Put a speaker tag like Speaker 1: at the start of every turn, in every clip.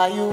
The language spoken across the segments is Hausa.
Speaker 1: Are you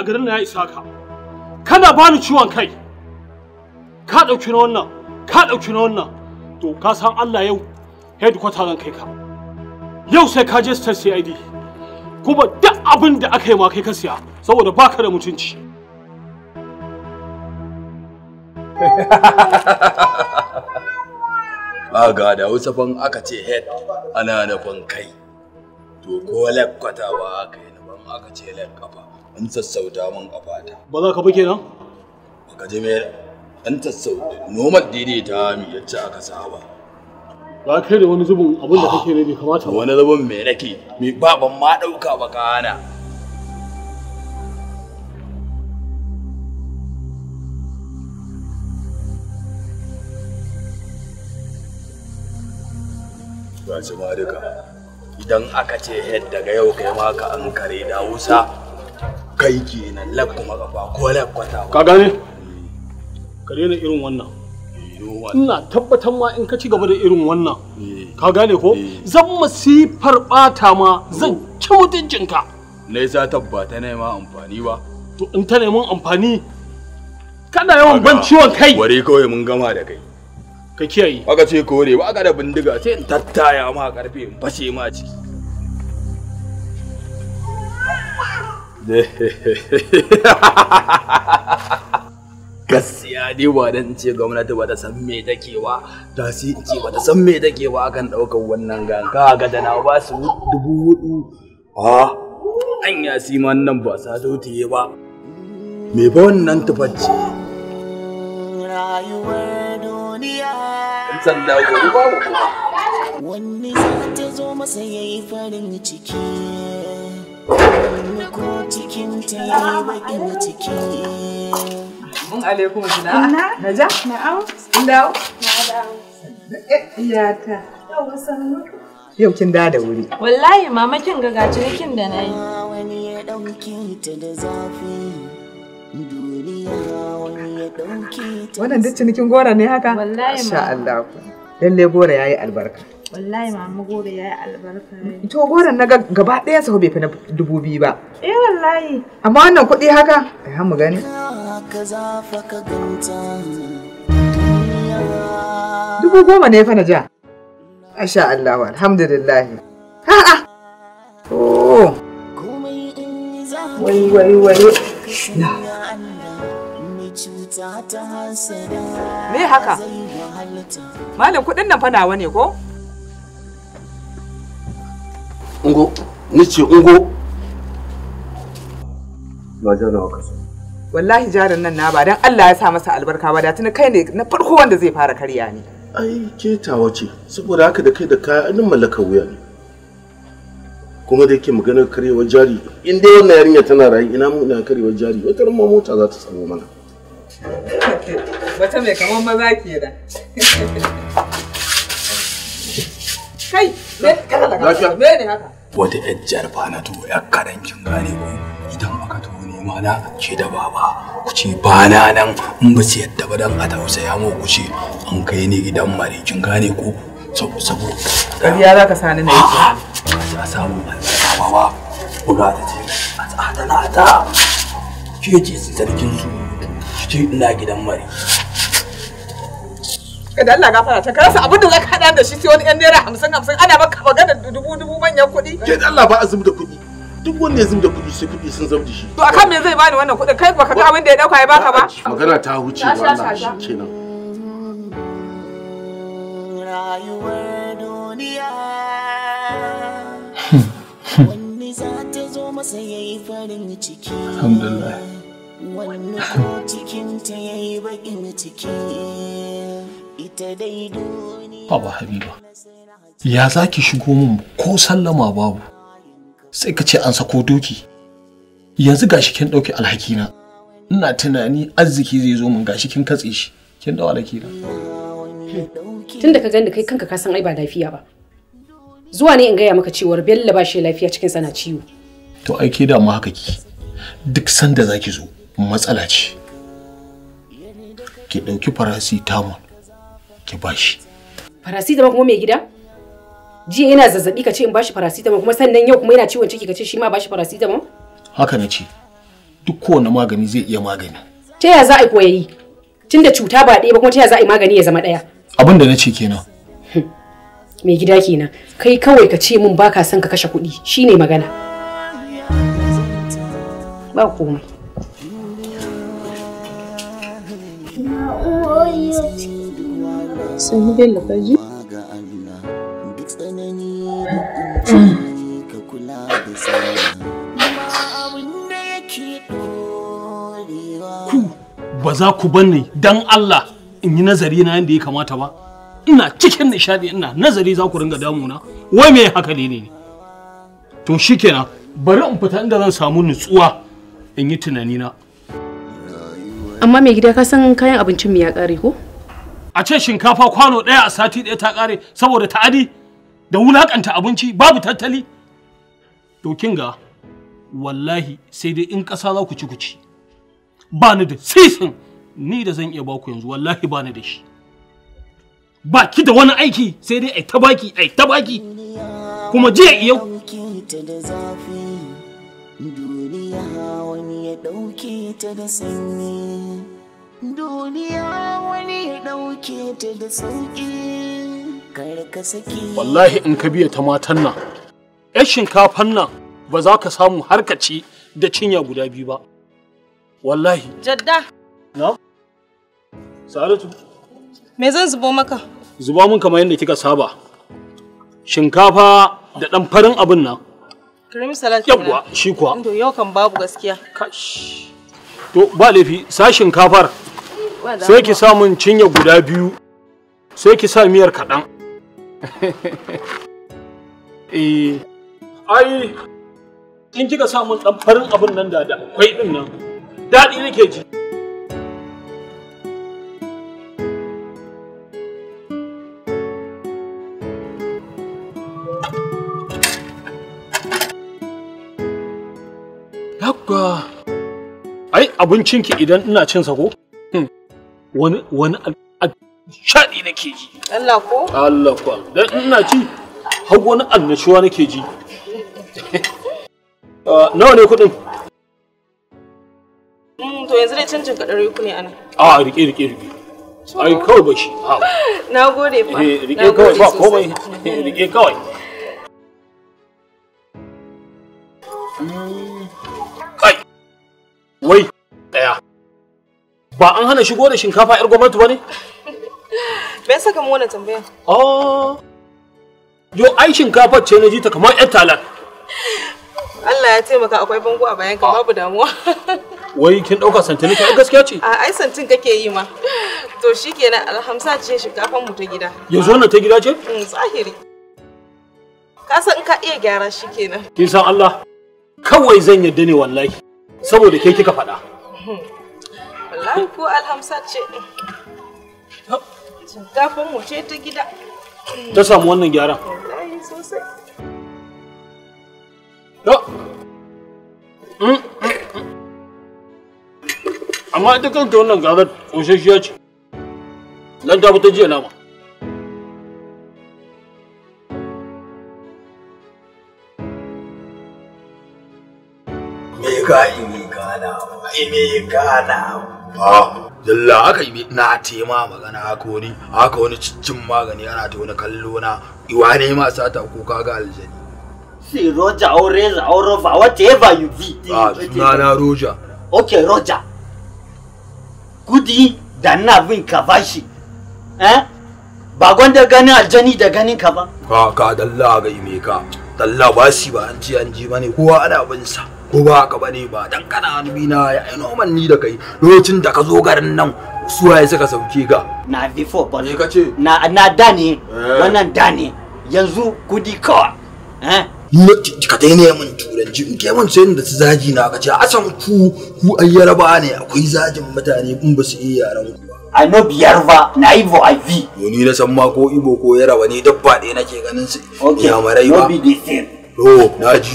Speaker 2: a garin na ya isa ka kana bani ciwon kai ka ɗauki na wannan ka ɗauki na wannan to ka san Allah yau headquarter zan kai ka yau sai ka je state CID kuma duk abin da aka yi ma kai ka siya saboda baka da mutunci Aga da wasu fan aka ce head ana nufin kai to ko lek ba aka yi nufin aka ce in sassauta min a fata ba za ka ba kenan ba ka je mai an sassauta normal daidaita mi yacce aka saba ba kai da wani zubin abin da kake ne bai kamata ba wani zubin me nake me ba ban ma dauka ba kana Gashi ma duka idan aka ce head daga yau kai ma ka an kare da wusa kai kenan lag kuma gaba ko lag kwata ka gane ka daina irin wannan ina tabbatar ma in ka ci gaba da irin wannan eh. ka gane ko eh. zan masifar bata ma zan ci mutuncinka na za tabbata na ma amfani ba to in ta neman amfani kana yawan ban ciwon kai ware kawai mun gama da kai ka kiyaye aka ce kore ba aka da bindiga sai in tattaya ma karfe in fashe ma ciki gaskiya ne ba dan ce gwamnati ba ta san me take wa ta si ce ba ta san me take wa akan daukar wannan ganka ga da na ba su dubu hudu a an ya si man nan ba sa ta yi ba me ba wannan tufacce rayuwar duniya sanda gobe babu kuma
Speaker 3: wanne ta zo masa yayi farin ciki Mun
Speaker 4: alaikum suna. Na? Na au? Yau kin da da wuri.
Speaker 3: Wallahi mama kin ga gaci rikin da Wani ya ta da zafi. Wannan duk cinikin
Speaker 4: gora ne haka? Wallahi ma. Lalle gora yayi albarka.
Speaker 3: wallahi mama goro ya yi albarka
Speaker 4: to goron na gaba ɗaya sau bai fi na dubu biyu ba
Speaker 3: eh wallahi
Speaker 4: amma wannan kuɗi haka ai mu gani dubu goma ne fa na ja asha Allah alhamdulillah a. oh wai wai wai Me haka? Malam kudin nan fa nawa ne ko?
Speaker 5: ungo ni ce ungo na ja nawa kaso
Speaker 4: wallahi jarin nan na ba dan Allah ya sa masa albarka ba da tuni kai ne na farko wanda zai fara karya ni
Speaker 5: ai ke ce saboda haka da kai da kaya nan mallaka wuya
Speaker 2: ne kuma da yake maganar karyewar jari in wannan yarinya tana rayu ina mu ina karyewar jari wata ma mota za ta samu mana
Speaker 4: wata mai maza ke da
Speaker 2: kai wata yar jarfa na to yar karankin gane ko idan aka to nema na ke da baba ku ce ba na nan in ba su yadda ba dan a tausaya mu ku ce an kai ni gidan kin gane ko sabo sabo
Speaker 4: kariya za ka sani na
Speaker 2: yake a samu baba ku ga ta ce a tsada na ta ke ce sarkin su ce ina gidan mare.
Speaker 4: kai da Allah gafara ta karasa abin da zaka hada da shi sai wani yan naira hamsin hamsin ana maka magana dubu dubu manyan kuɗi ke da Allah ba
Speaker 2: a zub da kuɗi duk wanda ya zub da kuɗi sai kuɗi sun zub da shi to
Speaker 4: akan me zai bani wannan kuɗin kai baka ga abin da ya dauka ya baka ba
Speaker 2: magana ta huce ba Allah
Speaker 5: shikenan rayuwar
Speaker 3: hmm.
Speaker 2: alhamdulillah Baba Habiba, ya zaki shigo mun ko sallama babu, sai ka ce an sako doki. Yanzu gashi kin ɗauki alhakina, ina tunani arziki zai zo min gashi kin katse shi, kin ɗau alhakina.
Speaker 6: Tun da ka gani kai kanka ka san ai ba lafiya ba. Zuwa ne in gaya maka cewar Bello ba shi lafiya cikin sana ciwo.
Speaker 2: To ai ke da dama haka ki, duk sanda zaki zo matsala ce. Ki ɗauki farasi ki bashi
Speaker 6: paracetamol kuma mai gida jiya yana zazzabi ka ce in bashi paracetamol kuma sannan yau kuma yana ciwon ciki ka ce shi ma bashi paracetamol
Speaker 2: haka na ce duk kowane magani zai iya magani
Speaker 6: ta yaya za a yi koyayi tunda cuta ba ɗaya ba kuma ta yaya za a yi magani ya zama ɗaya
Speaker 2: abin da na ce kenan
Speaker 6: mai gida kenan kai kawai ka ce min baka son ka kashe kuɗi shine magana ba komai
Speaker 3: Sani Bello ka ji?
Speaker 5: Ku
Speaker 2: ba za ku bani dan Allah in yi nazari na yadda ya kamata ba. Ina cikin nishadi ina nazari za ku ringa damuna. Wai me haka ne ne? To shikenan bari in fita inda zan samu nutsuwa in yi tunanina.
Speaker 6: Amma mai gida ka san kayan abincin mu ya kare ko?
Speaker 2: a ce shinkafa kwano ɗaya a sati ɗaya ta ƙare saboda ta'adi da wulaƙanta abinci babu tattali to kin ga wallahi sai dai in ƙasa za ku ci ku ci ba ni da sisin ni da zan iya baku yanzu wallahi ba ni da shi ba ki da wani aiki sai dai ai ta baki ai ta baki kuma jiya yau
Speaker 3: duniya wani ya ɗauke ta duniya
Speaker 2: wani ya ɗauke ta da sauƙi ka saki wallahi in ka biya ta matan nan yan shinkafan nan ba za ka samu har ka ci da cinya guda biyu ba wallahi jadda na sa'adatu
Speaker 3: me zan zubo maka
Speaker 2: zuba mun kamar yadda kika saba shinkafa da ɗan farin abin nan
Speaker 3: kirim salatu yawwa shi kuwa yau kan babu gaskiya kash
Speaker 2: to ba laifi sashin kafar sai ki samun cinye guda biyu sai ki sa miyar kaɗan eh ai in kika samun ɗan farin abin nan dada da akwai ɗin nan daɗi nake ji abincinki idan ina cin sa ko hmm. wani wani shaɗi nake ji Allah ko Allah ko dan ina ci har wani annashuwa nake ji ah, nawa ne kuɗin
Speaker 3: hmm, to yanzu dai canjin ka ɗari uku ne ana
Speaker 2: a rike rike rike ai kawai bashi
Speaker 3: na gode fa eh, rike kawai ba
Speaker 2: komai rike kawai ba an hana shigo da shinkafa 'yar gwamnati ba ne?
Speaker 3: Me yasa ka wannan tambaya?
Speaker 2: Oh. Ah. Yo ai shinkafa ce na ji ta kamar 'yar talar.
Speaker 3: Allah ya taimaka akwai bango a bayan ka ah. babu damuwa.
Speaker 2: Wai kin dauka santini ka gaskiya ce?
Speaker 3: A ai santin kake yi ma. To shikenan alhamsa ce shinkafan mu ta gida.
Speaker 2: Yanzu wannan ta gida ce?
Speaker 3: Mm tsahiri. Ka san in ka iya gyara shikenan.
Speaker 2: Kin san Allah. Kawai zan yadda ne wallahi. Saboda ke kika faɗa.
Speaker 3: Hmm. wallahi ko alhamsa ce shinkafin mu ce ta gida ta
Speaker 2: samu wannan gyaran
Speaker 3: wallahi sosai
Speaker 2: mm, mm, mm. amma ita kanta wannan ƙoshashiya ce ta fita jiya nama me ka yi gana me ka na a ah, dalla aka yi na ma magana haka wani haka wani cin magani ana ta wani kallo na iwa ne ma sata ko kaga aljani si roja or reza or rova whatever you be ah na na roja
Speaker 1: okay roja kudi da na bin ka bashi eh ba gonda ganin aljani da ganin ka ba
Speaker 2: ka ah, ka dalla ga me ka dalla ba shi ba an ji an ji bane kowa ana bin sa ko ba ka bane ba dan kana hanbi na ya ino man ni da kai lokacin da ka zo garin nan ya saka sauke ka na
Speaker 1: v4 ba ne kace na na da ne eh. wannan da ne yanzu kudi kawa
Speaker 2: eh ka dai ne mun turanci in kai mun sai da zaji na ka ce asan ku ku ayyaraba ne akwai zajin mutane in ba su iya yaran ku a no biyar ba na ibo iv to ni na san ma ko ibo ko yaraba ne dabba ɗaya nake ganin su ya marai ba no oh, na ji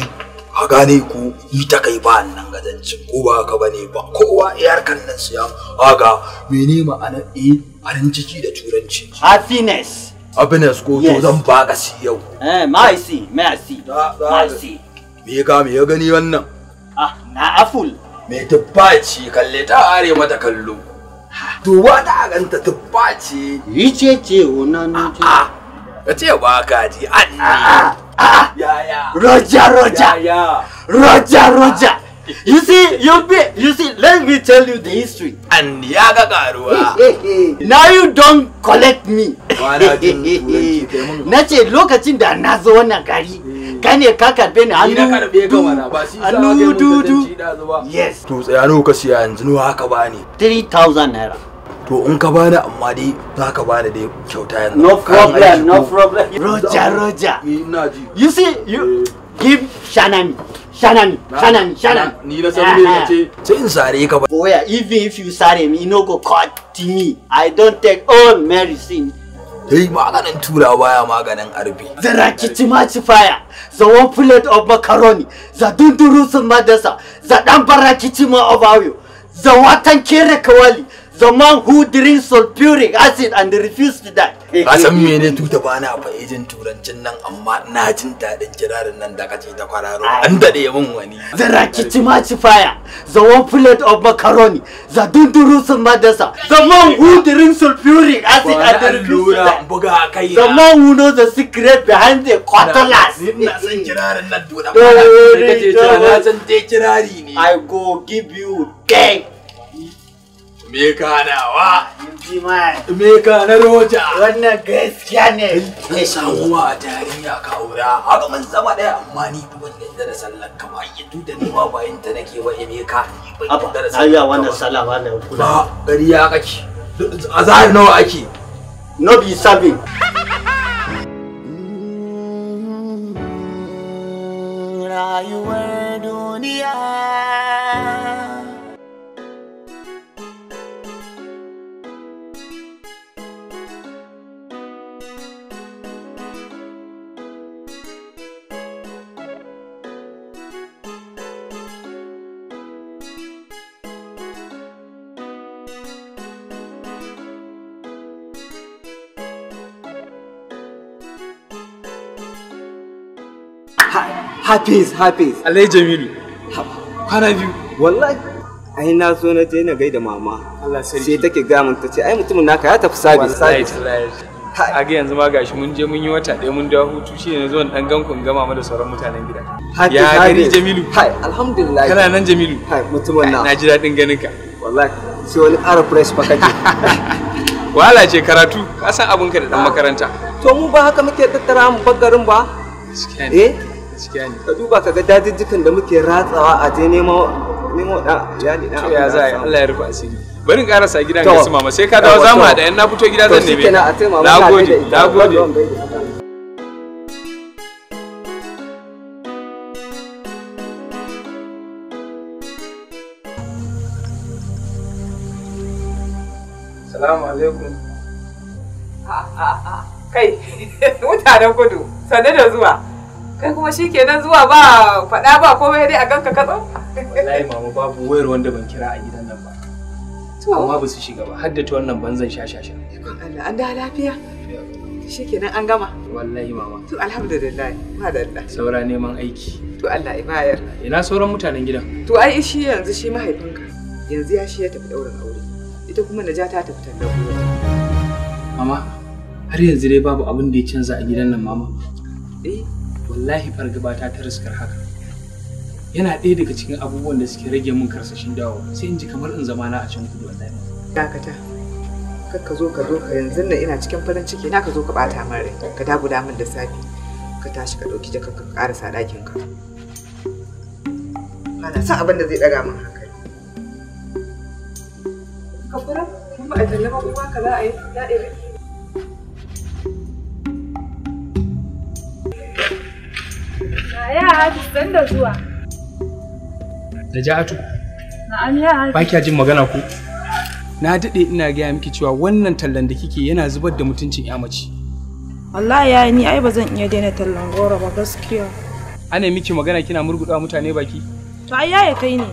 Speaker 2: a gane ko yi ta kai ba nan gazancin ko ba ka bane ba kowa iyar kan nan siya aga mene ma'ana eh farin ciki da turanci happiness happiness ko to zan baka si yau eh mai si mai si mai si me ka me ya gani wannan ah na aful me tuffa ce kalle ta are mata kallo to ta ganta tuffa ce yi ce ce wannan ce ka ce ba ka ji an
Speaker 1: roja roja roja roja You see, you be, you see. Let me tell you the history. And yaga garuwa. Now you don't collect me.
Speaker 2: Na ce
Speaker 1: lokacin da na zo wannan gari, hmm. ka ne ka karbe ni hannu dudu. Yes. To
Speaker 2: a ka siya yanzu haka ba ne. 3,000 naira. to in ka bani amma dai za ka bani dai kyauta yanzu no problem no problem roja roja eh, you
Speaker 1: see you eh. give shanani shanani shanani shanani ni na san me eh, ce ce in sare ka ba boya even if you sare me no go cut me i don't take all medicine
Speaker 2: Hey, maganin tura baya maganin arbi.
Speaker 1: The rakiti maci fire, the one plate of macaroni, the dundurusun madasa, the dan barakiti ma of the watan kere kawali, the man who drinks sulfuric acid
Speaker 2: and refused to die. Ka san mene tuta ba na fa ejin turancin nan amma na jin daɗin kirarin nan da kace ta kwararo. An daɗe min wani. The rakici match fire, the
Speaker 1: one plate of macaroni, the dundurusun madasa, the man who drinks sulfuric acid and refused to
Speaker 2: die. The man
Speaker 1: who knows the secret behind the cutlass.
Speaker 2: Na san kirarin nan dole ba. Kace ta kirari ne. I go give you 10 Me kanawa. Ah, me
Speaker 1: kanar wata. Wannan gaskiya ne. Ya samu a
Speaker 2: tarihi ka aura. Haka mun zama ɗaya amma ni ban yadda da sallar ka ba. Ya duda ni ma bayan ta nake wa Emeka. Eh, ka. yadda da sallar ka ba. wannan sallah wannan kula. Ba gari ya kake. Azahar nawa ake.
Speaker 1: No be serving.
Speaker 4: Mm, rayuwar duniya.
Speaker 1: hafiz hafiz alai jamilu kwana biyu wallahi
Speaker 4: ai na zo na je na gaida mama Allah sarki sai take ga mun tace ai mutumin naka ya tafi sabis sabis
Speaker 2: a ga yanzu ma gashi mun je mun yi wata ɗaya mun dawo hutu shi ne zuwan dan gankun gama da sauran mutanen gida ya gari jamilu hai alhamdulillah kana nan jamilu hai mutumin na na ji daɗin ganin ka wallahi sai wani ara fresh fa kake wala ce karatu ka san abinka da dan ah. makaranta to mu ba haka muke tattara mu bagarin ba
Speaker 4: eh gaskiya ne ka duba ka ga dadijjikan da muke ratsawa a je nemo nemo da
Speaker 2: iyali dan ya za a Allah ya rufa asiri bari in karasa gidan ga su mama sai ka dawo zamu da yan na fito gida zan neme na gode na gode Salamu alaikum.
Speaker 6: Ah, ah, ah.
Speaker 4: Kai, mutanen gudu, sannu da zuwa. kai kuma shi kenan zuwa ba faɗa ba komai dai a ganka katsau
Speaker 2: wallahi mama babu wayar wanda ban kira a gidan nan ba amma ba su shiga ba haddata wannan banzan shashasha
Speaker 4: Allah an da lafiya shi kenan an gama wallahi mama to alhamdulillah Allah saura neman aiki to Allah ya bayar ina sauran mutanen gidan to ai shi yanzu shi mahaifinka yanzu ya shi ya tafi daura aure ita kuma najata ta fitar da
Speaker 2: mama har yanzu dai babu abin da ya canza a gidan nan mama eh wallahi fargabata ta ta riskar haka yana ɗaya daga cikin abubuwan da suke rage min karsashin dawo sai in ji kamar in zama na a can kudu wallahi dakata
Speaker 4: kar ka zo ka zo ka yanzu nan ina cikin farin ciki na ka zo ka bata min rai ka guda min da safi ka tashi ka dauki jaka ka karasa ɗakin ka ana san abin da zai ɗaga min hankali ka fara kuma a tallama kuma ka za a yi ya ɗaya
Speaker 3: Ya Hafiz san da zuwa. Da Ja'atu. Na'am ya Ba kya
Speaker 2: jin magana ko? Na daɗe ina gaya miki cewa wannan tallan da kike yana zubar da mutuncin ya mace.
Speaker 3: Wallahi ya ni ai ba zan iya daina tallan goro ba gaskiya.
Speaker 2: Ana miki magana kina murguɗa mutane baki?
Speaker 3: To ai ya kai ne.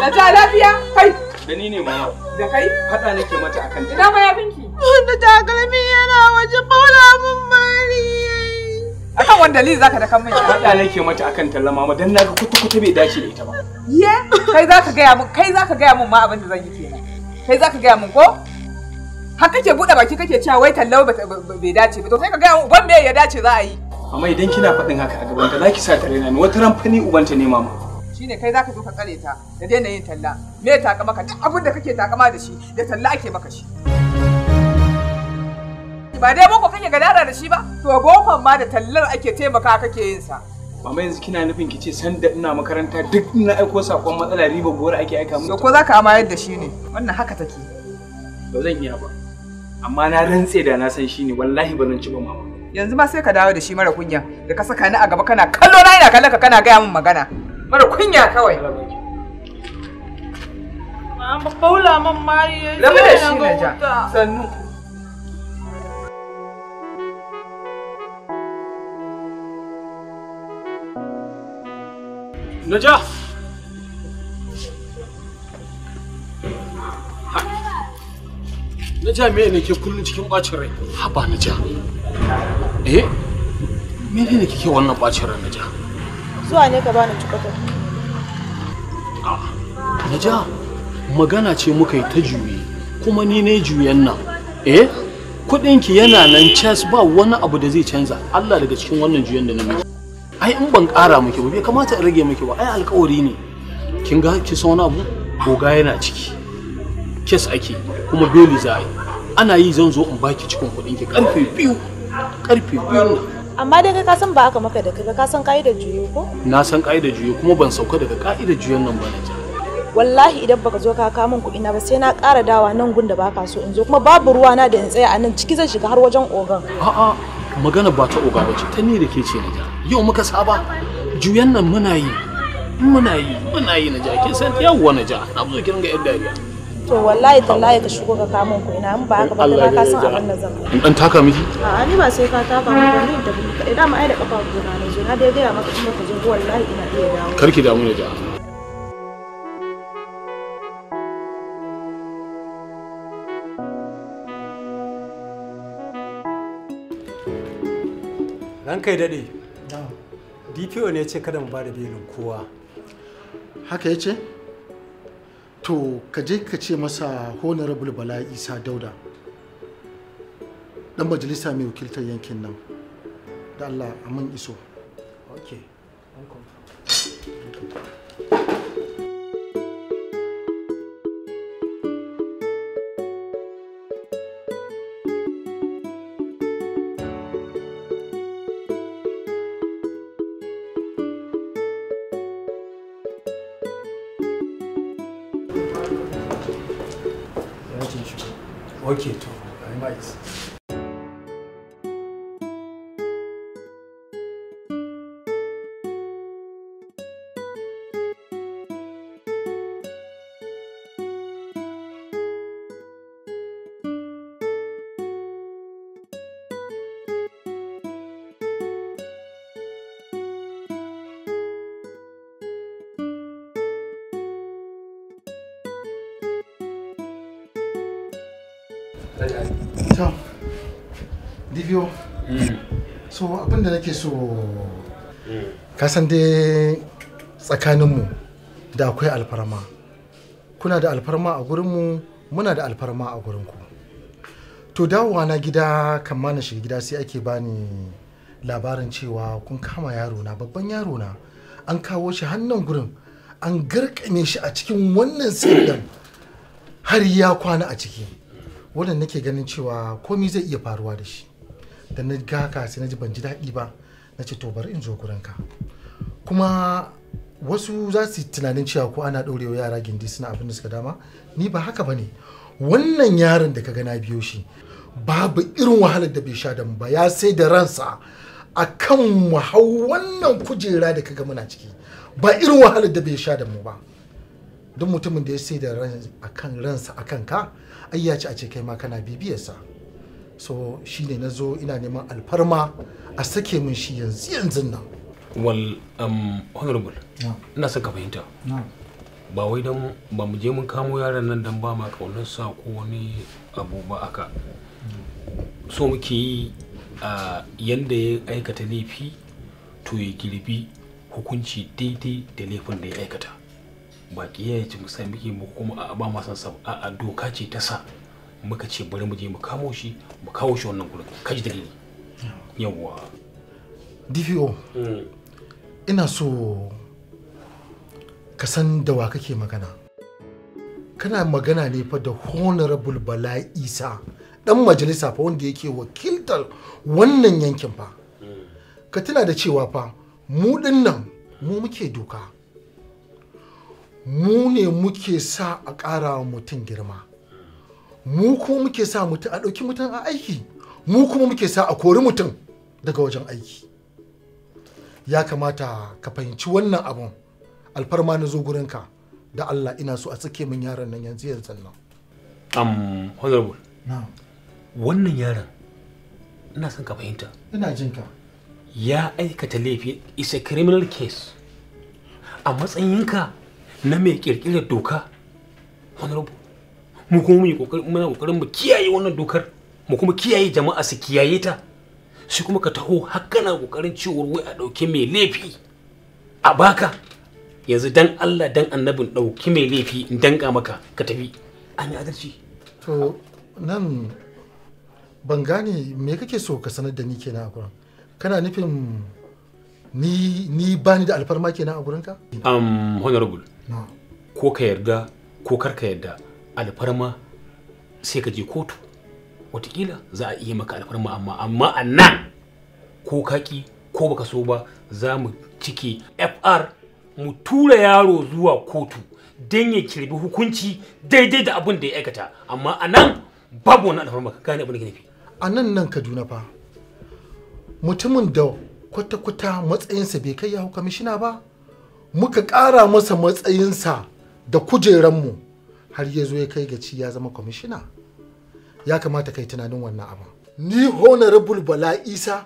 Speaker 4: Na ta lafiya? Kai.
Speaker 2: Da ni ne ma. Da kai? Haɗa nake mata akan
Speaker 4: ta. Ina ma ya binki. wanda takalmin yana waje bola mun mari akan wanda li zaka da kan mai
Speaker 2: hada nake mata akan talla mama dan naga kuta kuta bai dace da ita ba
Speaker 4: ye kai zaka ga mu kai zaka ga mu ma abin da zan yi kenan kai zaka ga mu ko har kake bude baki kake cewa wai talla bai dace ba to sai ka ga uban bai ya dace za a yi
Speaker 2: amma idan kina faɗin haka a gaban ta zaki sa tare na ni wata ran fani ubanta ne mama
Speaker 4: shine kai zaka zo ka tsare ta da daina yin talla me ta ka maka duk abin da kake takama da shi da talla ake maka shi ba dai boko kake gadara da shi ba to bokon ma da tallar ake taimaka kake yin sa
Speaker 2: Mama yanzu kina nufin ki ce sanda ina makaranta duk ina aiko sakon matsala riba gora ake aika mu. Ko za
Speaker 4: ka amayar da shi ne? Wannan haka take.
Speaker 2: Ba zan iya ba. Amma na rantse da na san shi ne wallahi ba zan ci ba mama.
Speaker 4: Yanzu ma sai ka dawo da shi mara kunya da ka saka ni a gaba kana kallo na ina kallaka ka kana gaya min magana. Mara kunya kawai.
Speaker 3: Ma'an ba faula man mari. Lamu da shi na ja.
Speaker 4: Sannu.
Speaker 2: Naja me ne ke kullum cikin bacin rai? Haba Naja. Eh? Me ne kike wannan bacin rai Naja?
Speaker 3: Zuwa ne ka bani cikoto.
Speaker 2: Ah, naja, magana ce muka yi ta juye, kuma ni ne juyen nan. Eh? Kuɗinki yana nan cas ba wani abu da zai canza. Allah daga cikin wannan juyen na miki. ai in ban ƙara miki ba bai kamata in rage miki ba ai alƙawari ne kin ga ki bu ko ga yana ciki kes ake kuma beli za a yi ana yi zan zo in baki cikin kuɗin ki karfe biyu karfe biyu
Speaker 3: amma dai ka san ba aka maka da ka ka san ka'idar juyo ko
Speaker 2: na san ka'idar juyo kuma ban sauka daga ka'idar juyon nan ba na
Speaker 3: wallahi idan baka zo ka kawo min kuɗi na ba sai na ƙara dawa nan gun da baka so in zo kuma babu ruwa na da in tsaya a nan ciki
Speaker 2: zan shiga har wajen ogan a'a magana ba ta oga ba ce ta ni da ke ce na ja yau muka saba juyan nan muna yi muna yi muna yi na ja san ya na ja na zo kin ga yadda ya
Speaker 3: to wallahi tallahi ka shigo ka kama ku ina an ba ka ba ka san abin da zan
Speaker 2: in dan taka miki
Speaker 3: a ni ba sai ka taka ba ni da kai da ma ai da kafa gona na zo na dai ga maka kuma ka zo wallahi ina iya dawo
Speaker 2: karki damu ne ja ranka ya daɗe
Speaker 5: dpo ne ce kada mu ba da belin kowa haka ya ce to ka je ka ce masa honorable bala isa dauda dan majalisa mai wakiltar yankin nan da allah amin iso okay. Thank you. locator. Mm. kasan dai tsakaninmu da akwai alfarma kuna da alfarma a gurinmu muna da alfarma a gurinku to dawowa na gida kamar na shiga gida sai ake bani labarin cewa kun kama yaro na babban yaro na an kawo shi hannun gurin an garkame shi a cikin wannan sirdan har ya kwana a ciki wannan nake ganin cewa komi zai iya faruwa da shi da na ga ka sai na ji ban ji daɗi ba na ce to bari in zo ka kuma wasu za su yi tunanin cewa ko ana ɗorewa yara gindi suna abin da suka dama ni ba haka ba ne wannan yaron da ka na biyo shi babu irin wahalar da bai sha da mu ba ya sai da ransa a kan mu hau wannan kujera da kaga muna ciki ba irin wahalar da bai sha da mu ba duk mutumin da ya sai da a akan ransa a ka ai ya ci a ce kai ma kana bibiyarsa so shine na zo ina neman alfarma a sake min shi yanzu yanzu nan
Speaker 2: wal um, honorable ina son ka fahimta ba wai don ba mu je mun kamo yaran nan don ba ma kaunar sa ko wani abu ba aka so muke yi a yanda ya aikata laifi to ya girbi hukunci daidai da laifin da ya aikata ba ya ci musa muke mu kuma a ba masan sa a doka ce ta sa muka ce bari mu je mu kamo shi mu kawo shi wannan gurin kaji gini yawwa dvo mm.
Speaker 5: ina so ka san da wa kake magana kana magana ne fa da honorable bala isa dan majalisa fa wanda yake wakiltar wannan yankin fa mm. ka tuna da cewa fa mu dinnan mu muke doka mu ne muke sa a ƙara mutum girma mu kuma muke sa mutum a ɗauki mutum a aiki mu kuma muke sa a kori mutum daga wajen aiki ya kamata ka fahimci wannan abun alfarma na zo gurinka da Allah ina so a tsike min yaron nan yanzu yanzu nan
Speaker 2: am honorable wannan yaron
Speaker 5: ina son ka fahimta ina jin ka
Speaker 2: ya aikata laifi is a criminal case a matsayinka na mai kirkirar doka honorable mu kuma mu kokarin muna kokarin mu kiyaye wannan dokar mu kuma kiyaye jama'a su kiyaye ta shi kuma ka taho har kana kokarin cewa wai a dauke mai laifi a baka yanzu dan Allah dan annabin dauki mai laifi in danka
Speaker 5: maka ka tafi an yi adalci to nan ban gane me kake so ka sanar da ni kenan a gurin kana nufin ni ni bani da alfarma kenan a gurinka
Speaker 2: um honorable ko ka yarda ko kar ka yarda alfarma sai ka je kotu watakila za a iya maka alfarma amma amma a nan ko kaki ko baka so ba za mu cike fr mu tura yaro zuwa kotu don ya kirbi hukunci daidai da abin da ya aikata amma a babu wani alfarma ka gane abin da nufi
Speaker 5: a nan nan kaduna fa mutumin da kwata-kwata matsayinsa bai kai ya hau kamishina ba muka ƙara masa matsayinsa da mu. har ya zo ya kai gaci ya zama kwamishina ya kamata kai tunanin wannan abu ni honorable bala isa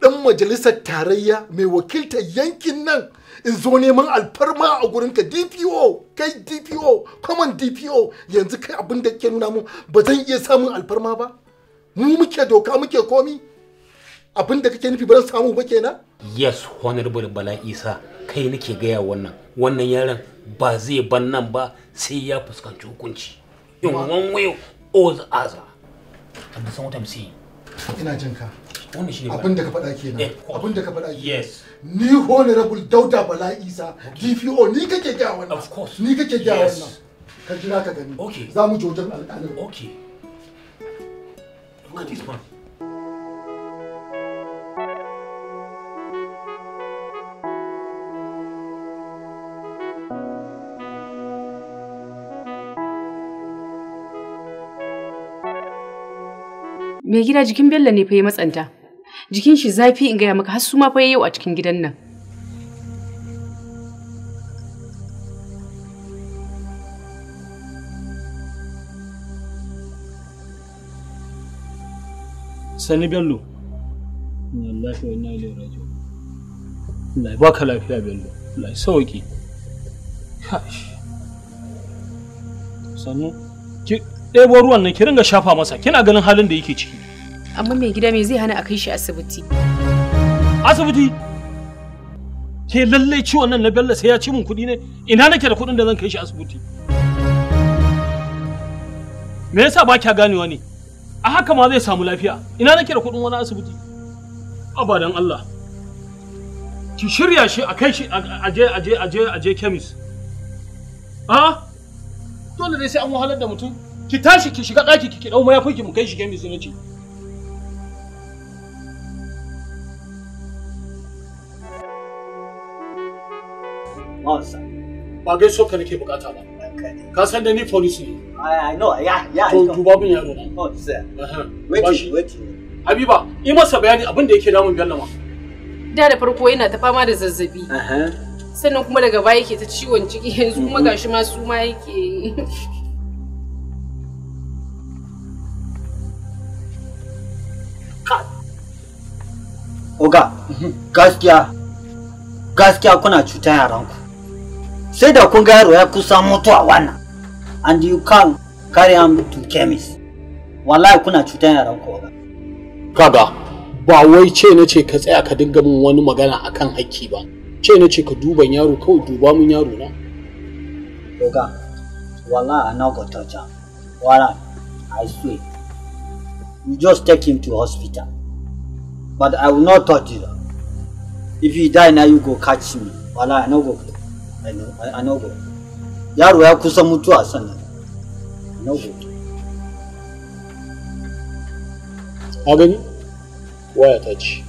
Speaker 5: dan majalisar tarayya mai wakiltar yankin nan in zo neman alfarma a ka, dpo kai dpo common dpo yanzu kai abin da ke nuna mu ba zan iya samun alfarma ba mu muke doka muke komi abin da kake nufi ba su samu ba kenan
Speaker 2: yes honorable bala isa kai nake gaya wannan wannan yaron ba zai ban nan ba sai ya
Speaker 5: fuskanci hukunci
Speaker 2: in one way or the other
Speaker 5: san what i'm saying ina jin ka wannan shi eh, abin da ka faɗa kenan abin da ka faɗa yes ni honorable dauda bala isa dpo ni kake gaya wannan of course ni kake gaya wannan ka jira ka gani okay za mu je wajen alƙalin okay look at this one
Speaker 6: Mai gida jikin Bello ne fa ya matsanta. Jikin shi zafi in gaya maka har su ma fa yau a cikin gidan nan.
Speaker 2: Sani Bello. Wallahi wa inna ilaihi raji'un. Allah ya baka lafiya Bello. Allah ya sauki. ki ɗebo ruwan nan ki ringa shafa masa kina ganin halin da yake ciki
Speaker 6: amma mai gida me zai hana a kai shi asibiti
Speaker 2: asibiti ke lalle ciwon nan na bello sai ya ci min kuɗi ne ina nake da kuɗin da zan kai shi asibiti me yasa ba kya ganewa ne a haka ma zai samu lafiya ina nake da kuɗin wani asibiti abadan Allah ki shirya shi a kai shi aje aje aje aje kemis a ah? dole dai sai an wahalar da mutum ki tashi ki shiga ɗaki ki ɗau mayafin ki mu kai shige mai zunuci. Masa. Ba gai so ka nake bukata ba. Ka san da ni polisi ne.
Speaker 6: I know, ya, ya. To
Speaker 2: duba min yaro na. Oh, sir. Wait, wait. Habiba, yi masa bayani abin da yake damun Bello ma.
Speaker 6: Da da farko yana ta fama da zazzabi. Sannan kuma daga baya yake ta ciwon ciki yanzu kuma gashi ma su ma yake.
Speaker 1: oga gaskiya gaskiya kuna cuta yaranku sai da kun ga yaro ya kusa mutuwa wannan and you can carry him to chemist wallahi kuna cuta yaranku oga
Speaker 2: kaga ba wai ce na ce ka tsaya ka dinga min wani magana akan hakki ba ce na ce ka duba yaro kawai duba mun yaro na oga
Speaker 1: wallahi i no go touch am wallahi i swear you just take him to hospital but I will not touch you. If you die now, you go catch me. Wala, I no go. I know, I, I no go. Yaro ya kusa mutu asana I no go.
Speaker 2: Ka why Waya ta ci.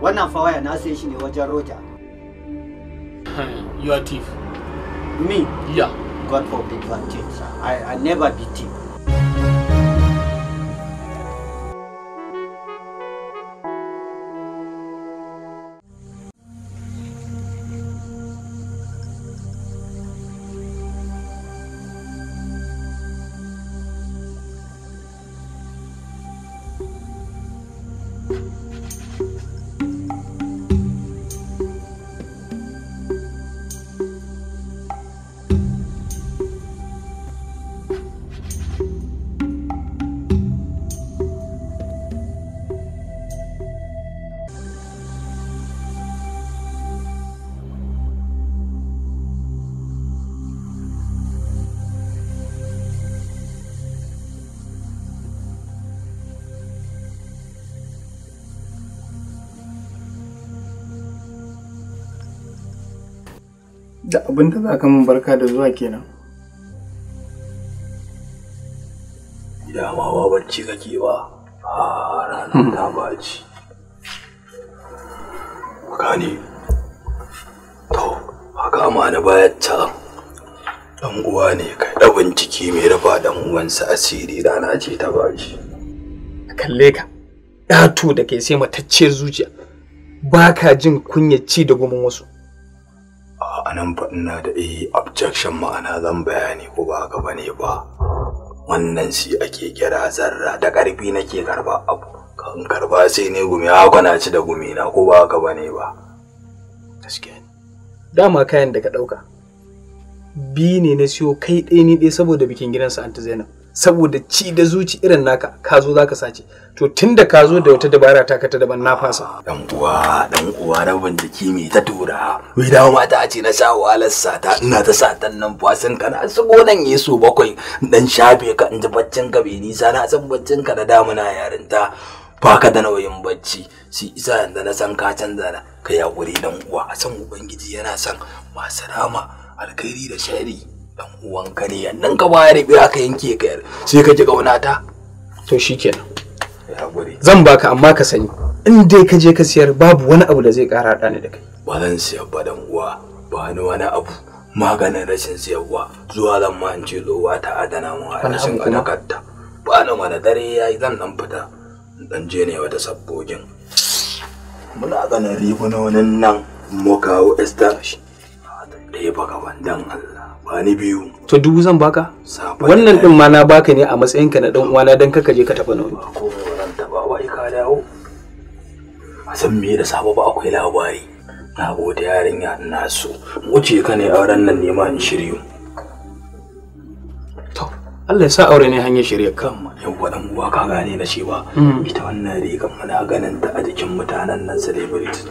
Speaker 1: Wannan fa waya na sai shi ne wajen roja.
Speaker 2: You are thief.
Speaker 1: Me? Yeah. God forbid one thing, sir. I, I never be thief.
Speaker 2: da abin da za ka min barka da zuwa kenan. Dama ba bacci kake ba, a ranar ta baci. Gani, to, haka ma na bayan can. Ɗan uwa ne kai da ciki mai rufa ɗan uwansa asiri rana ce ta baci. Kalle ka, ɗato da kai sai matacce zuciya, ba ka jin kunyaci da gumin wasu. anan fa na da eh objection ma'ana zan bayani ko ba haka bane ba wannan shi ake kira zarra da ƙarfi nake karba abu kan karba sai ne gumi haka na ci da gumi na ko ba haka bane ba gaskiya dama kayan da ka ɗauka bi ne na siyo kai ɗaya ni ɗaya saboda bikin gidansa anti zainab saboda ci da zuci irin naka ka zo za ka sace to tunda ka zo da wata dabara ta ka ta daban na fasa dan uwa dan uwa rabin jiki me ta tura wai dawo mata a ce na sha wahalar sata ina ta satan nan fasin kana su nan yi bakwai dan shafe ka in baccin ka bai nisa na san baccin ka da damuna yarinta fa ka da nauyin bacci shi isa yanzu na san ka canza na kai hakuri dan uwa a san ubangiji yana san masarama, alkairi, alkhairi da shari'i dan uwan kare nan ka baya ribi aka yanke ka yar sai ka ji ƙaunata. to kenan, zan baka amma ka sani in dai ka je ka siyar babu wani abu da zai kara ɗani da kai ba zan siyar ba dan uwa ba ni wani abu maganin rashin siyarwa zuwa zan ma in ce ta adana mu a rashin adakarta ba ni wani dare ya yi zan dan fita dan je ne wata sabbogin muna ganin rigunonin nan mu kawo establish da ya baka bandan Allah wani biyu to dubu zan baka wannan ɗin ma na baka ne a matsayin ka na dan uwana dan kaka je ka taba nauyi ko ran ba wai ka dawo a san me da sabo ba akwai labari na gode yarinya na so wuce ka ne auren nan nema in shiryu to Allah ya sa aure ne hanyar shirya kan yawwa dan uwa ka gane na ba mm. ita wannan rigan mana ganin ta a jikin mutanen nan celebrity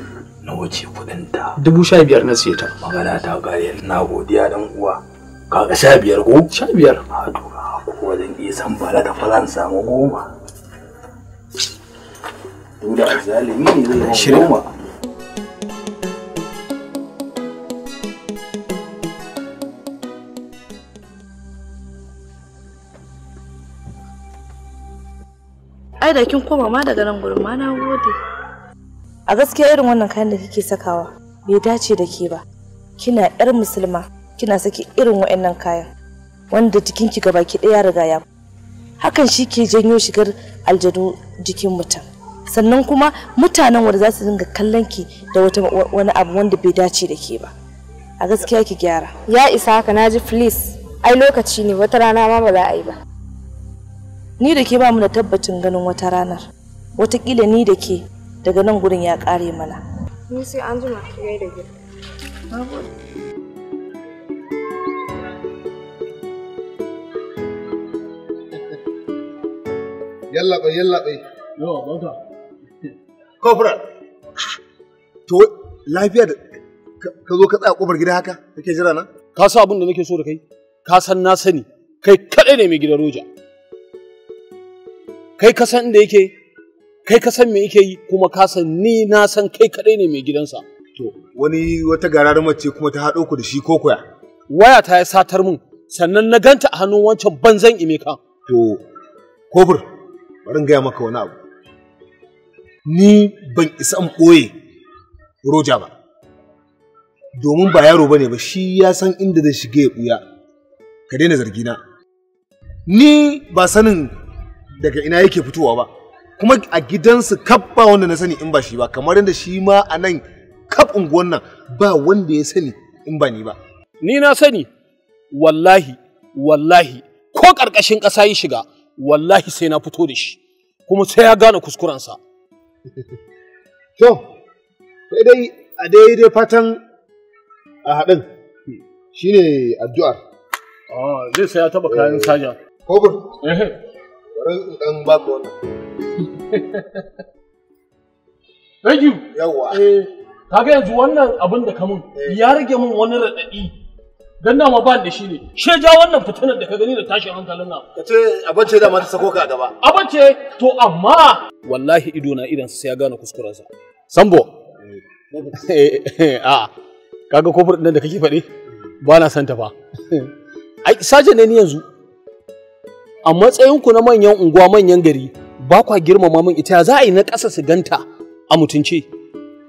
Speaker 2: Na wuce kudin ta dubu sha biyar na siye magana ta gare na godiya dan uwa kaga sha biyar ko sha biyar a dora ko wajen iya bala ta falan samu goma Duda zalimi ne zai goma.
Speaker 3: ai da kin koma ma daga nan gurin ma na gode a gaskiya irin wannan kayan da kike sakawa bai dace da ke ba kina yar musulma kina saki irin wa'annan kayan wanda jikinki ki ɗaya riga ya hakan shi ke janyo shigar aljadu jikin mutum sannan kuma mutanen wanda za su dinga kallon ki da wata wani abu wanda bai dace da ke ba a gaskiya ki gyara ya isa haka naji please ai lokaci ne wata rana ma ba za a yi ba ni da ke ba mu da tabbacin ganin wata ranar watakila ni da ke daga nan gurin ya kare mana ni sai an jima ki gaida gida
Speaker 5: yalla bai. yawa bauta kofra to lafiya da ka zo ka tsaya kofar gida haka kake jira na
Speaker 2: ka san abin da nake so da kai ka san na sani kai kadai ne mai gidan roja kai ka san inda yake kai ka san me yake yi kuma ka san ni na san kai kaɗai ne mai gidansa. To, wani wata gararmar mace kuma ta haɗo ku da shi ko koya? Waya ta ya satar mun, sannan na ganta a hannun wancan banzan ka. To, kofur, bari in gaya maka wani abu. Ni ban isa in ɓoye roja ba. Domin ba yaro ba ne ba, shi ya san inda
Speaker 5: zai shiga ya ɓuya. Ka daina zargina. Ni ba sanin daga ina yake fitowa ba. kuma a gidansu kaf ba wanda na sani in ba shi ba kamar yadda shi ma a nan kaf unguwan nan ba wanda ya sani in ba ni ba ni na
Speaker 2: sani wallahi wallahi ko ƙarƙashin ƙasa ya shiga wallahi sai na fito da shi kuma sai ya gane kuskurensa to
Speaker 5: dai a daidai fatan a haɗin shine addu'ar ah, zai sai ya taɓa kayan saja ko bari in ba ka wannan thank you
Speaker 2: yawa kaga yanzu wannan abin da ka mun eh. ya rage mun wani radadi dan nama ba da shi ne she ja wannan fitinar da ka gani da tashin hankalin nan ka ce abance da ma ta sako ka gaba abance to amma wallahi ido na idan sai ya gane kuskurensa sambo eh. a kaga kofar din da kake faɗi ba na santa fa ai saje ne ni yanzu a matsayinku na manyan unguwa manyan gari ba kwa girmama min ita za a yi na ƙasa su ganta a mutunci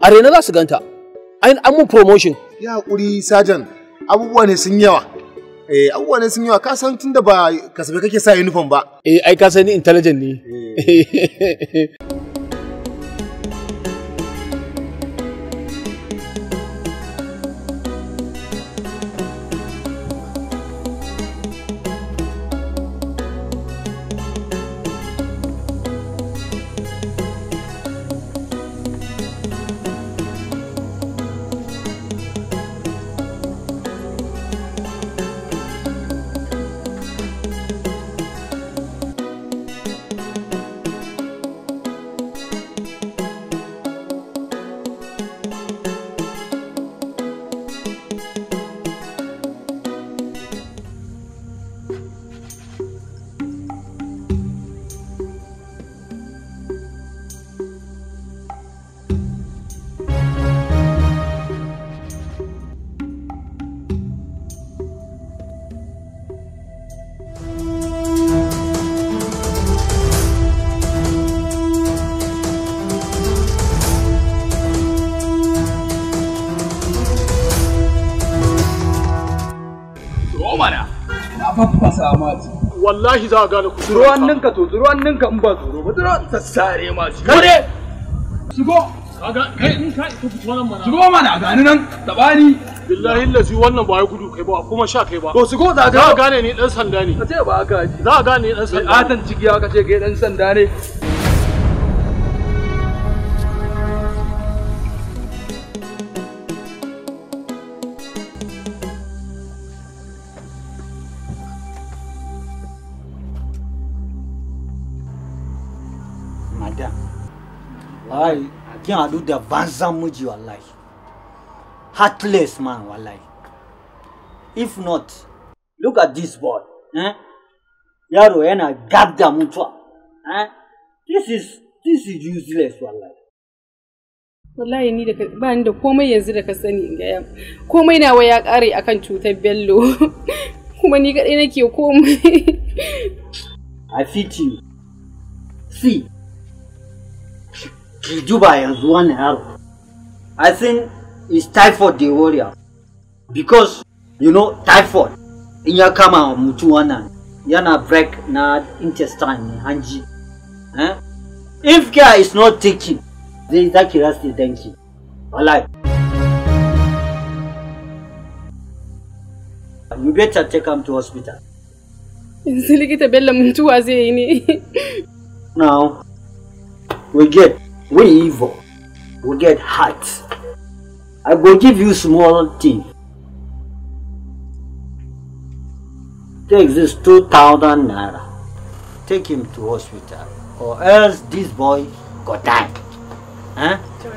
Speaker 2: a rena za su ganta an an mu promotion ya hakuri sajan abubuwa ne sun yawa eh abubuwa ne sun yawa ka san tunda ba kasabe kake sa uniform ba eh ai ka sani ni intelligent ne eh wallahi za a gane ku tsoro hannunka to tsoro hannunka in ba tsoro ba tsoro sassare ma shi kare shigo kaga kai in ka ita wannan mana shigo mana gani nan tabani billahi lazi wannan ba ya gudu kai ba kuma sha kai ba to shigo za a gane ni dan sanda ne kace ba ka ji za a gane ni dan sanda ne atan ciki ya kace kai dan sanda ne
Speaker 1: kin haɗu da banzan muji wallahi heartless man wallahi if not look at this boy eh? yaro yana gab da mutuwa eh? this is this is useless wallahi
Speaker 6: wallahi ni da ba ni da komai yanzu da ka sani ga gaya komai na waya kare akan cutar bello kuma ni kadai nake komai
Speaker 1: i fit you see ki duba yanzu wannan yaro i think it's typhoid the warrior because you know typhoid in ya kama mutum wannan yana break na intestine hanji eh? if care is not taken then zai zaki rasa danki wallahi you better take him to hospital
Speaker 6: yanzu likita bello mutuwa zai yi ne
Speaker 1: now we get we evil, we get hurt. I go give you small thing. Take this 2,000 naira. Take him to hospital or else this boy got die. Huh? Eh?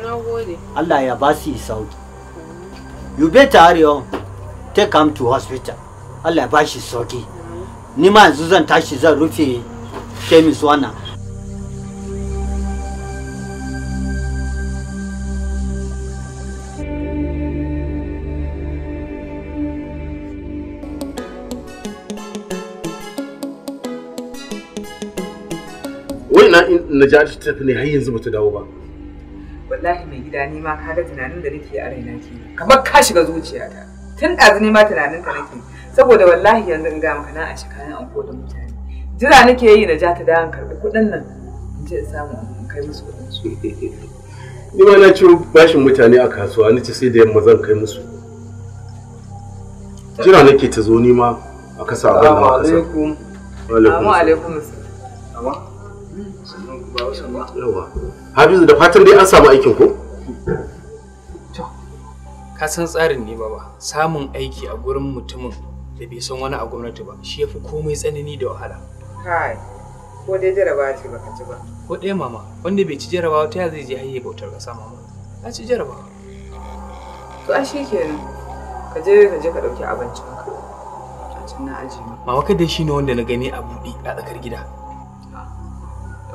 Speaker 1: Allah yabasi is out. You better hurry on. Take him to hospital. Allah yabasi is out. Nima zuzan tashi zan rufe kemis wannan.
Speaker 2: Najat ta tafi ne har yanzu bata dawo ba.
Speaker 4: Wallahi mai gida ni ma ka ga tunanin da nake a raina ke. Kamar ka shiga zuciyata. Tun ɗazu ne ma tunanin ta nake. Saboda wallahi yanzu in ga maka na a shi kayan anko da mutane. Jira nake yi na ja ta dawo karɓi kuɗin nan. In je in samu in kai musu kuɗin
Speaker 2: su. Ni ma na ci bashin mutane a kasuwa ni ce sai da yamma zan kai musu. Jira nake ta zo ni ma a kasa abin da aka Assalamu alaikum. Wa alaikum. Amma yawa hafizu da fatan dai an samu aikin ko ka san tsarin ne ba samun aiki a gurin mutumin da bai san wani a gwamnati ba shi ya fi komai tsanani da wahala
Speaker 4: kai ko dai jarabawa ce baka ci ba
Speaker 2: ko ɗaya mama wanda bai ci jarabawa ta zai je hayye bautar ƙasa mama
Speaker 4: ka ci jarabawa to a shi kenan ka je ka je ka ɗauki abincin ka a can na aji
Speaker 2: mama kada shi ne wanda na gani a buɗe a tsakar gida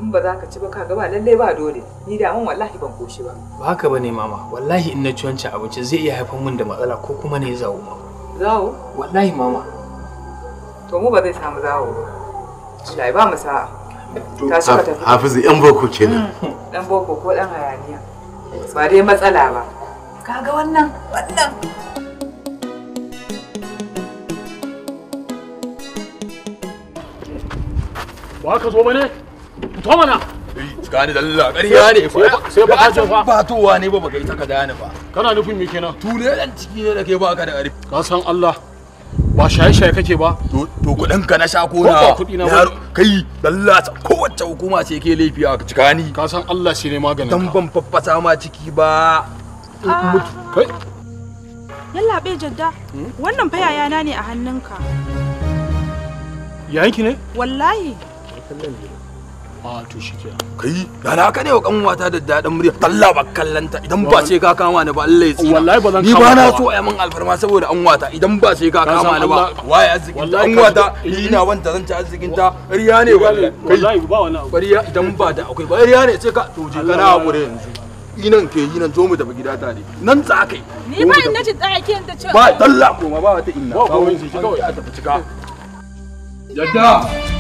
Speaker 4: in ba za ka ci ba ka gaba lallai ba dole ni da mun wallahi ban koshi ba
Speaker 2: ba haka bane mama wallahi in na ci wancan abinci zai iya haifar min da matsala ko kuma ne zawo ma
Speaker 4: zawo wallahi mama to mu ba zai samu zawo ba Allah ya ba mu sa'a ta suka tafi hafizu yan boko kenan hmm. dan boko ko dan hayaniya ba dai matsala ba kaga wannan wannan
Speaker 2: ba ka zo ba ne? fito mana tsakani da Allah ƙarya ne sai ba kace fa ba towa ne ba baka yi taka ba kana nufin me kenan tune dan ciki ne da kai ba ka da ƙarfi ka san Allah ba shaye-shaye kake ba to kudin ka na sha ko na kai kowace hukuma ce ke laifi a cikani ka san Allah shi ne maganin dan ban faffasa ma ciki ba ah. kai
Speaker 3: yalla bai jadda hmm? wannan fa yayana ne a hannunka yayanki ne wallahi
Speaker 2: a to kai da na ka ne wa kanwata da dadan murya talla ba kallanta idan ba sai ka kama ni ba Allah ya tsira wallahi ba zan kama ni ba na so a min alfarma saboda anwata idan ba sai ka kama ni ba waye arzikin ta anwata eh, ni ina wanta zan ci arzikin ta riya ne wallahi ba wani abu idan ba da akwai ba riya ne sai ka to je kana hakuri yanzu inan ke yi nan mu tafi gida tare nan za kai ni ba in
Speaker 3: nace ba talla
Speaker 2: koma ba wata inna ba wani shi kawai a tafi cika yadda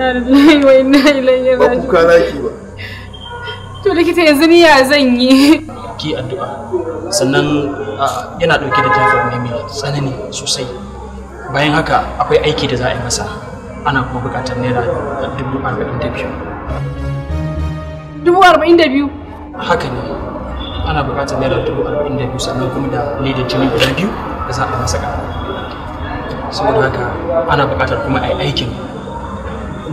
Speaker 2: inna lillahi wa inna ilaihi raji'un kuka ba
Speaker 6: to likita yanzu ni ya zan yi
Speaker 2: ki addu'a sannan yana dauke da tafiyar ne mai tsanani sosai bayan haka akwai aiki da za a yi masa ana kuma bukatar naira dubu arba'in da biyu
Speaker 6: dubu arba'in da biyu
Speaker 2: haka ne ana bukatar naira dubu arba'in da biyu sannan kuma da da jini guda biyu da za a yi masa gara saboda haka ana bukatar kuma a yi aikin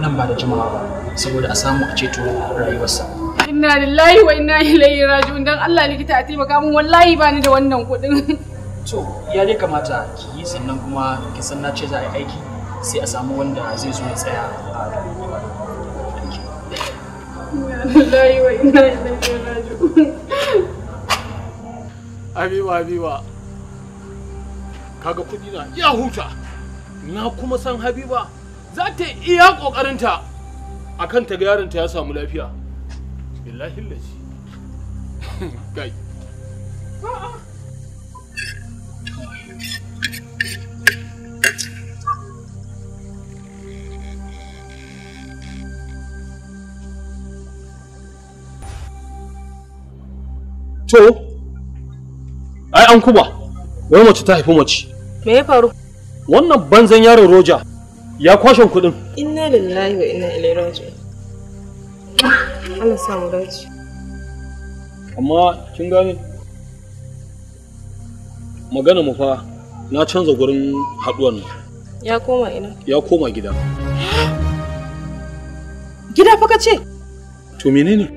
Speaker 2: nan ba da jimawa ba saboda a samu a ceto rayuwarsa
Speaker 6: inna lillahi wa inna ilaihi raji'un dan Allah likita a taimaka mun wallahi ba ni da wannan kuɗin
Speaker 2: to ya dai kamata ki yi sannan kuma ki san na ce za a yi aiki sai a samu wanda zai zo ya tsaya a lillahi wa inna ilaihi raji'un Habiba Habiba kaga kuɗi na ya huta na kuma san Habiba za ta iya ƙoƙarinta a kan ta yaronta ya samu lafiya billahi lashi gai
Speaker 5: To,
Speaker 2: ai an kuba, wai mace ta haifi mace. Me ya faru? Wannan banzan yaron Roja ya kwashe kuɗin
Speaker 3: inna lillahi wa inna ilaihi raji'un Allah samu dace
Speaker 2: amma kin gane magana mu fa na canza gurin haduwan nan
Speaker 3: ya koma ina
Speaker 2: ya koma gida gida fa ce to menene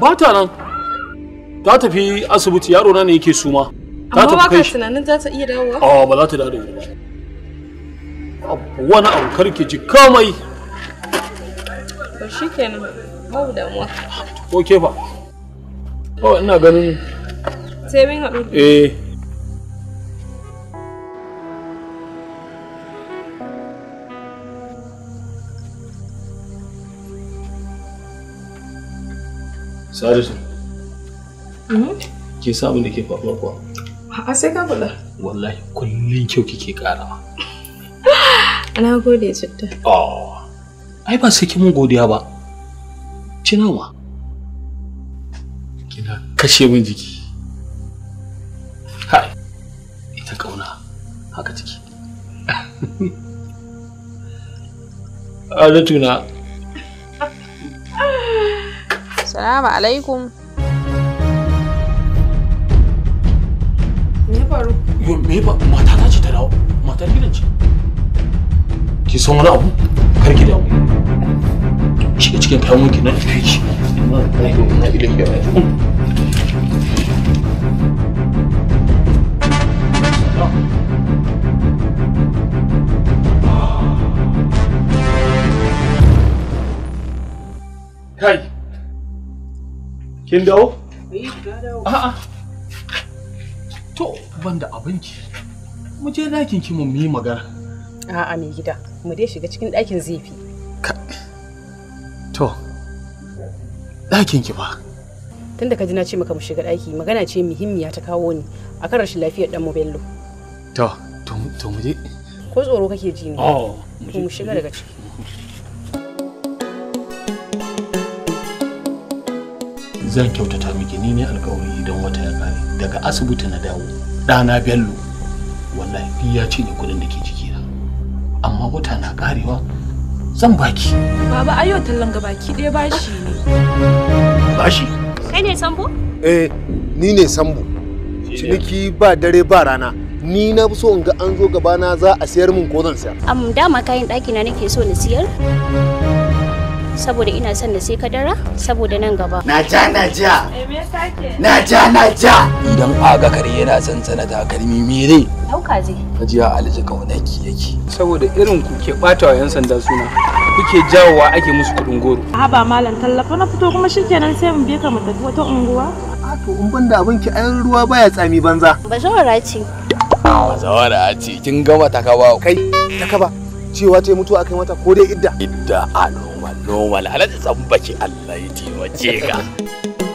Speaker 2: ba ta nan ta tafi asibiti yaro na ne yake suma ta tafi kai amma ba ka
Speaker 3: tunanin za ta iya dawowa
Speaker 2: a ba za ta dawo ba wani abu karki ji kamai
Speaker 6: to shikenan babu damuwa
Speaker 2: ko ke fa oh ina ganin
Speaker 3: sai haɗu
Speaker 6: eh
Speaker 2: Salisu. Ke sa da ke faɗuwa kuwa?
Speaker 3: A sai ka faɗa.
Speaker 2: Wallahi kullum kyau kike ƙarawa.
Speaker 3: Ana gode Jidda.
Speaker 2: Oh, ai ba sai mun godiya ba. ma. Kina kashe min jiki. Hai, ita kauna haka ciki. Alatuna.
Speaker 3: Salamu alaikum.
Speaker 2: Me faru? Yo, me ba mata ta ce ta dawo, matar gidan ce. ki san wani abu kar ki damu shiga cikin kayan na tafi ki na ilahi ya rayu kai kin dawo? Ah, to ban da abinci mu je dakin ki mu yi magana
Speaker 6: a'a me gida mu dai shiga cikin ɗakin zefi
Speaker 2: to ɗakin ki ba
Speaker 6: tun da ka ji na ce maka mu shiga ɗaki magana ce muhimmiya ta kawo ni a kan rashin lafiyar ɗan bello
Speaker 2: to to mu je
Speaker 6: ko tsoro kake ji ne oh, mu shiga daga ciki
Speaker 2: zan kyautata miki ni ne alkawari idan wata ya kare daga asibiti na dawo ɗana bello wallahi ya cinye kuɗin da ke ciki amma wuta na karewa zan baki
Speaker 3: baba ayo tallan ga baki ɗaya bashi ne bashi kai ne sambo
Speaker 5: eh ni ne sambo ciniki ba dare ba rana ni na so in ga an zo gabana za a siyar min ko zan siyar
Speaker 4: am dama kayan ɗakina nake so na siyar saboda ina son na sai kadara saboda nan gaba
Speaker 2: na ja na ja
Speaker 4: eh,
Speaker 3: na ja na ja
Speaker 2: idan aga kare yana son sana takalmi me ne dauka zai fajiya alhaji ki yake saboda irin ku ke bata wa yan sanda suna kuke jawowa ake musu kudin goro
Speaker 3: haba malam tallafa na fito kuma shikenan sai mu bi ka mu tafi wata unguwa a to in banda
Speaker 5: abin ki ayan
Speaker 2: ruwa baya tsami banza
Speaker 3: ba shawara ce
Speaker 2: zawara ce kin gama takaba kai takaba cewa ce mutuwa akai mata ko dai idda idda alo noma alhaji tsamba Allah ya taimake ka